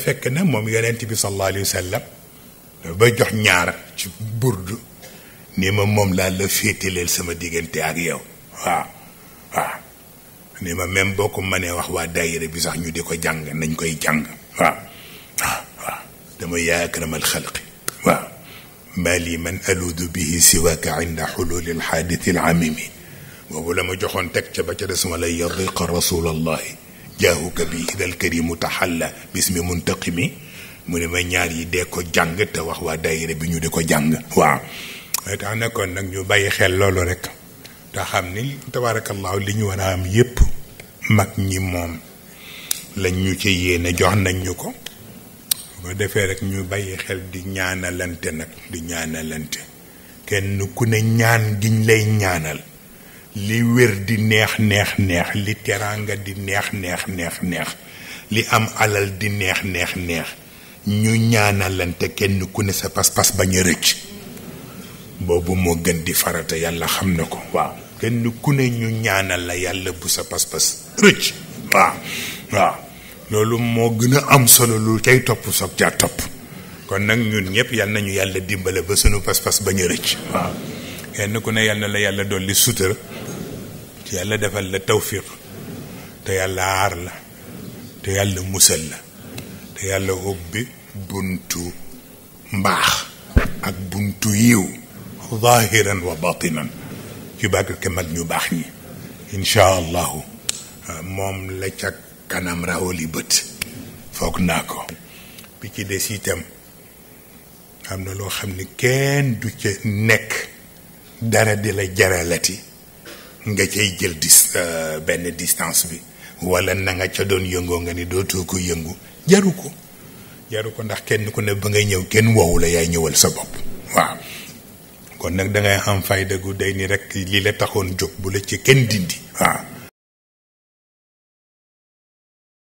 fekk na moom yonent bi sallallahu alayhi wa sallam ba jox ñaar ci burdu ni ma moom laa la féetaleel sama diggante ak yow waaw waaw ni ma même boo ko mënee wax waa daayira bi sax ñu di ko jàng nañ koy jàng waaw waaw waaw dama yaa akramal xalqi waaw maa lii man aluudu bihi siwaaka inda xuluuli alxaaditi alamimi boobu la ma joxoon teg ca ba ca des ma lay yadiqa rasulallahi jaahuka bi taxal la taxalla bismi mi mu ni ma ñaar yi dee ko jàng te wax waa daayira bi ñu di ko jàng waaw tax na nag ñu bàyyi xel loolu rek te xam ni tabaarakallaahu li ñu war yépp mag ñi moom lañ ñu ci yéene jox nañ ñu ko bu ko defee rek ñu bàyyi xel di ñaanalante nag di ñaanalante kenn ku ne ñaan giñ lay ñaanal li wér di neex neex neex li teraanga di neex neex neex neex li am alal di neex neex neex ñu ñaanalante kenn ku ne sa pas-pas bañ a rëcc boobu moo gën di farata yàlla xam na ko waaw kenn ku ne ñu ñaanal la yàlla sa pas-pas loolu moo gën a am solo lu tey topp soog caa topp kon nag ñun ñëpp yàlla nañu yàlla dimbale ba sunu pas-pas bañ a rëcc waaw kenn ku ne yàlla la yàlla dolli sutura ci yàlla defal la tawfiq te yàlla aar la te yàlla musal la te yàlla ubbi buntu mbaax ak buntu yiw zahiran wa batinan ci bàkk ke mag ñu baax ñi incha allahu moom la ca kanam rawali bët foog naa ko bi ci des itam am na loo xam ni kenn du ca nekk dara di la jaralati nga cay jël dis euh, benn distance bi wala na nga ca doon yëngoo nga ni dootoo ko yëngu jaru ko jaru ko ndax kenn ku ne ba ngay ñëw kenn woowu la yaay ñëwal sa bopp waaw kon nag da ngay am fayda gu day nii rek li la taxoon jóg bu la ci kenn dindi waaw